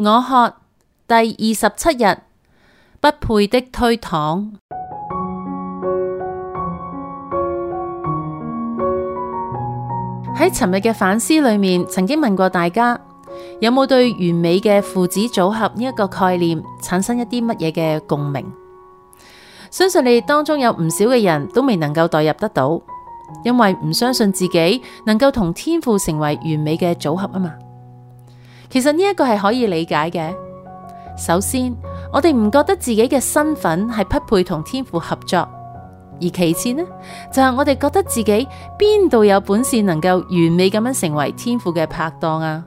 我渴第二十七日，不配的推搪。喺尋日嘅反思裏面，曾經問過大家，有冇對完美嘅父子組合呢一個概念產生一啲乜嘢嘅共鳴？相信你哋當中有唔少嘅人都未能夠代入得到，因為唔相信自己能夠同天父成為完美嘅組合啊嘛。其實呢一個係可以理解嘅。首先，我哋唔覺得自己嘅身份係匹配同天父合作；而其次呢，就係、是、我哋覺得自己邊度有本事能夠完美咁樣成為天父嘅拍檔啊！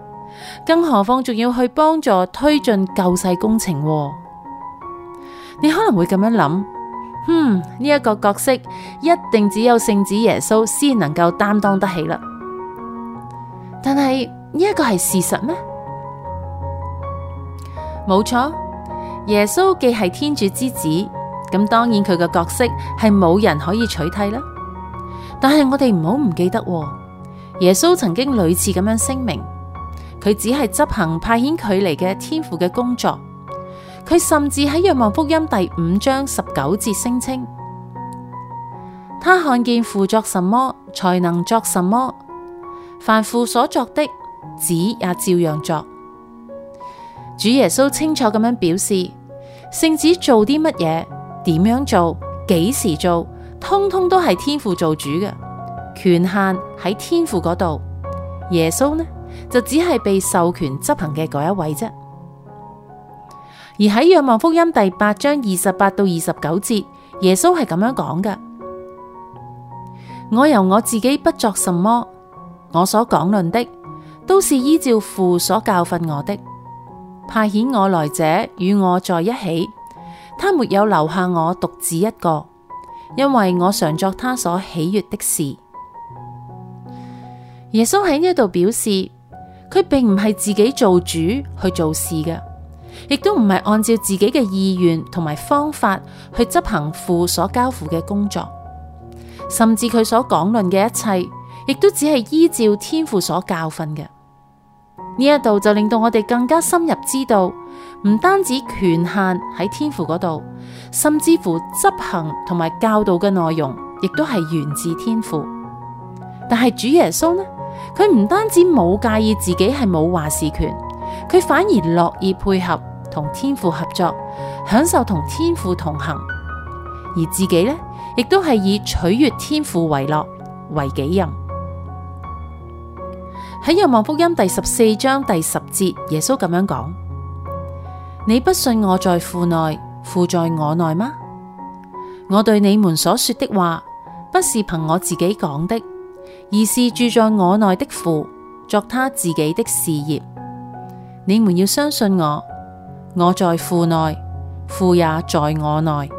更何況仲要去幫助推進救世工程、啊。你可能會咁樣諗：，嗯，呢、這、一個角色一定只有聖子耶穌先能夠擔當得起啦。但係呢一個係事實咩？冇錯，耶穌既係天主之子，咁當然佢嘅角色係冇人可以取替啦。但係我哋唔好唔記得，耶穌曾經屢次咁樣聲明，佢只係執行派遣佢嚟嘅天父嘅工作。佢甚至喺《若望福音》第五章十九節聲稱：「他看見父作什麼，才能作什麼；凡父所作的，子也照樣作。主耶穌清楚咁樣表示，聖子做啲乜嘢，點樣做，幾時做，通通都係天父做主嘅，權限喺天父嗰度。耶穌呢就只係被授權執行嘅嗰一位啫。而喺《若望福音》第八章二十八到二十九節，耶穌係咁樣講嘅：我由我自己不作什麼，我所講論的都是依照父所教訓我的。派遣我來者與我在一起，他沒有留下我獨自一個，因為我常作他所喜悦的事。耶穌喺呢度表示，佢並唔係自己做主去做事嘅，亦都唔係按照自己嘅意願同埋方法去執行父所交付嘅工作，甚至佢所講論嘅一切，亦都只係依照天父所教訓嘅。呢一度就令到我哋更加深入知道，唔單止權限喺天父嗰度，甚至乎執行同埋教導嘅內容，亦都係源自天父。但係主耶穌呢，佢唔單止冇介意自己係冇話事權，佢反而樂意配合同天父合作，享受同天父同行，而自己呢，亦都係以取悅天父為樂、為己任。喺《若望福音》第十四章第十節，耶穌咁樣講：你不信我在父內，父在我內嗎？我對你們所說的話，不是憑我自己講的，而是住在我內的父，作他自己的事業。你們要相信我，我在父內，父也在我內。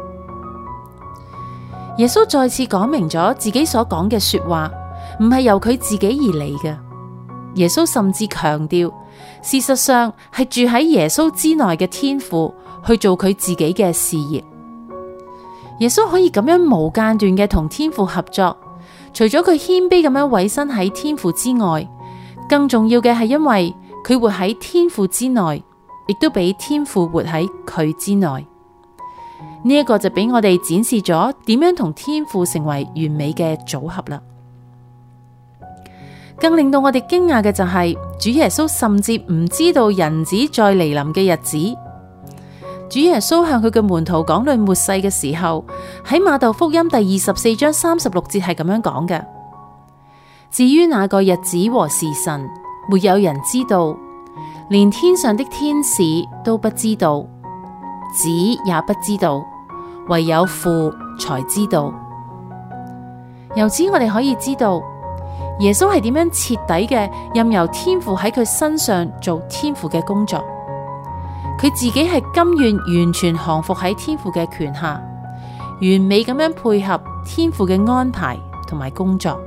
耶穌再次講明咗自己所講嘅說話，唔係由佢自己而嚟嘅。耶穌甚至強調，事實上係住喺耶穌之內嘅天父去做佢自己嘅事業。耶穌可以咁樣無間斷嘅同天父合作，除咗佢謙卑咁樣委身喺天父之外，更重要嘅係因為佢活喺天父之內，亦都俾天父活喺佢之內。呢、這、一個就俾我哋展示咗點樣同天父成為完美嘅組合啦。更令到我哋驚訝嘅就係，主耶穌甚至唔知道人子再來臨嘅日子。主耶穌向佢嘅門徒講論末世嘅時候，喺瑪竇福音第二十四章三十六節係咁樣講嘅：至於那個日子和時辰，沒有人知道，連天上的天使都不知道，子也不知道，唯有父才知道。由此我哋可以知道。耶穌係點樣徹底嘅任由天父喺佢身上做天父嘅工作，佢自己係甘願完全降服喺天父嘅權下，完美咁樣配合天父嘅安排同埋工作。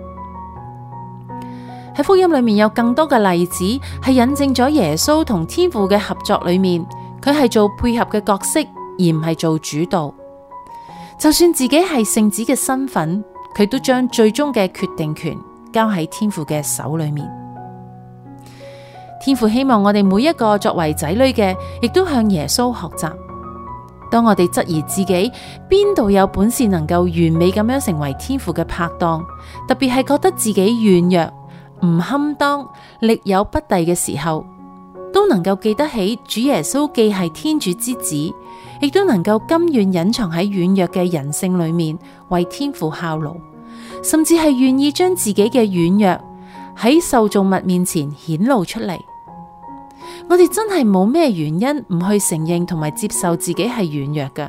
喺福音裏面有更多嘅例子係引證咗耶穌同天父嘅合作裏面，佢係做配合嘅角色而唔係做主導。就算自己係聖子嘅身份，佢都將最終嘅決定權。交喺天父嘅手裏面，天父希望我哋每一個作為仔女嘅，亦都向耶穌學習。當我哋質疑自己邊度有本事能夠完美咁樣成為天父嘅拍檔，特別係覺得自己軟弱、唔堪當、力有不逮嘅時候，都能夠記得起主耶穌既係天主之子，亦都能夠甘願隱藏喺軟弱嘅人性裏面為天父效勞。甚至係願意將自己嘅軟弱喺受造物面前顯露出嚟。我哋真係冇咩原因唔去承認同埋接受自己係軟弱嘅。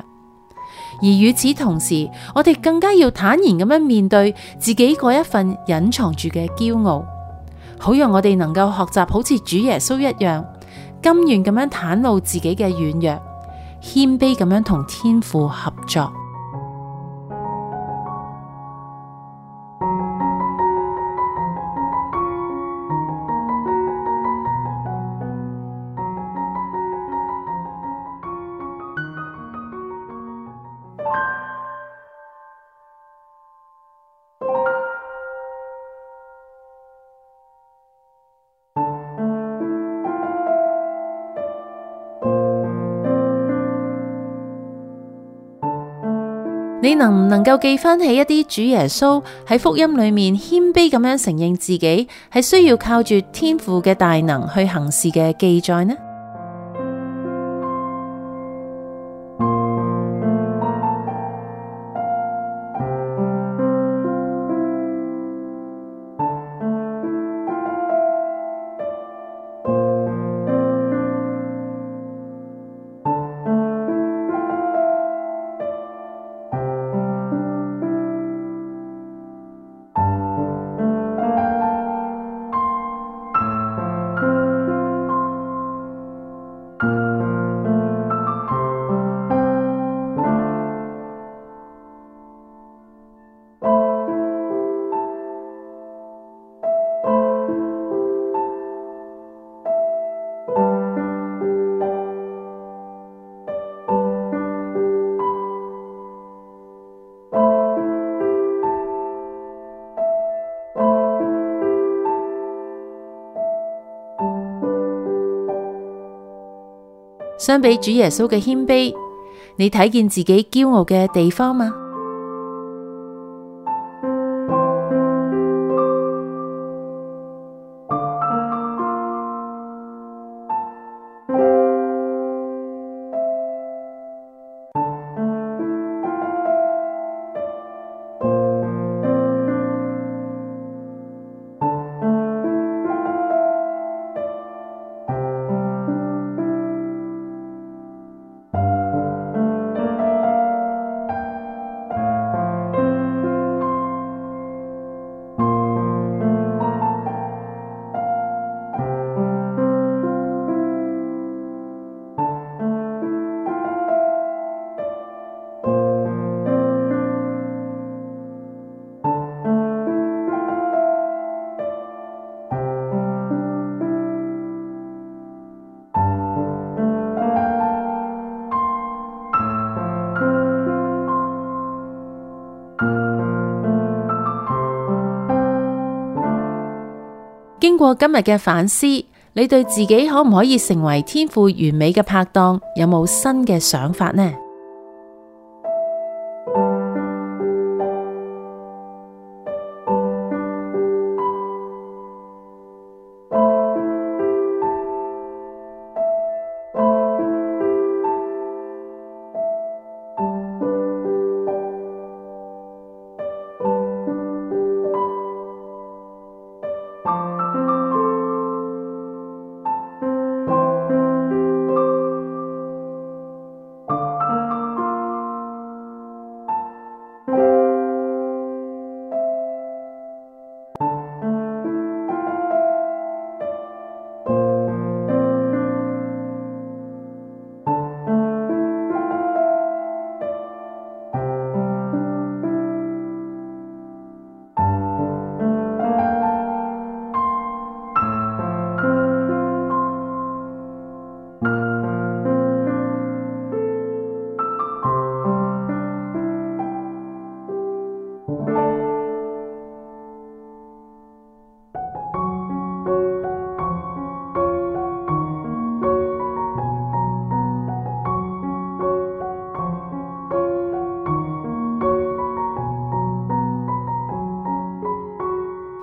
而與此同時，我哋更加要坦然咁樣面對自己嗰一份隱藏住嘅驕傲，好讓我哋能夠學習好似主耶穌一樣甘願咁樣袒露自己嘅軟弱，謙卑咁樣同天父合作。你能唔能夠記翻起一啲主耶穌喺福音裏面謙卑咁樣承認自己係需要靠住天父嘅大能去行事嘅記載呢？相比主耶穌嘅謙卑，你睇見自己驕傲嘅地方嗎？經過今日嘅反思，你對自己可唔可以成為天父完美嘅拍檔，有冇新嘅想法呢？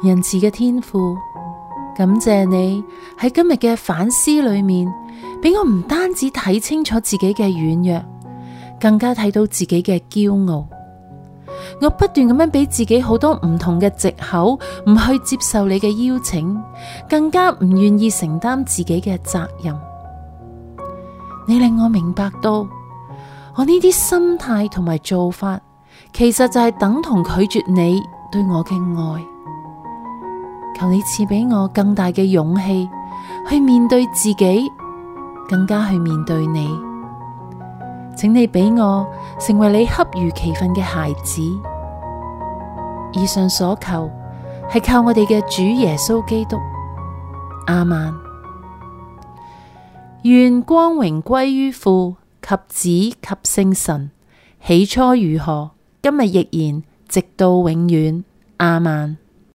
仁慈嘅天父，感謝你喺今日嘅反思裏面，俾我唔單止睇清楚自己嘅軟弱，更加睇到自己嘅驕傲。我不斷咁樣俾自己好多唔同嘅借口，唔去接受你嘅邀請，更加唔願意承擔自己嘅責任。你令我明白到，我呢啲心態同埋做法，其實就係等同拒絕你對我嘅愛。求你賜畀我更大嘅勇氣去面對自己，更加去面對你。請你俾我成為你恰如其份嘅孩子。以上所求係靠我哋嘅主耶穌基督。亞孟。願光榮歸於父及子及聖神，起初如何，今日亦然，直到永遠。亞孟。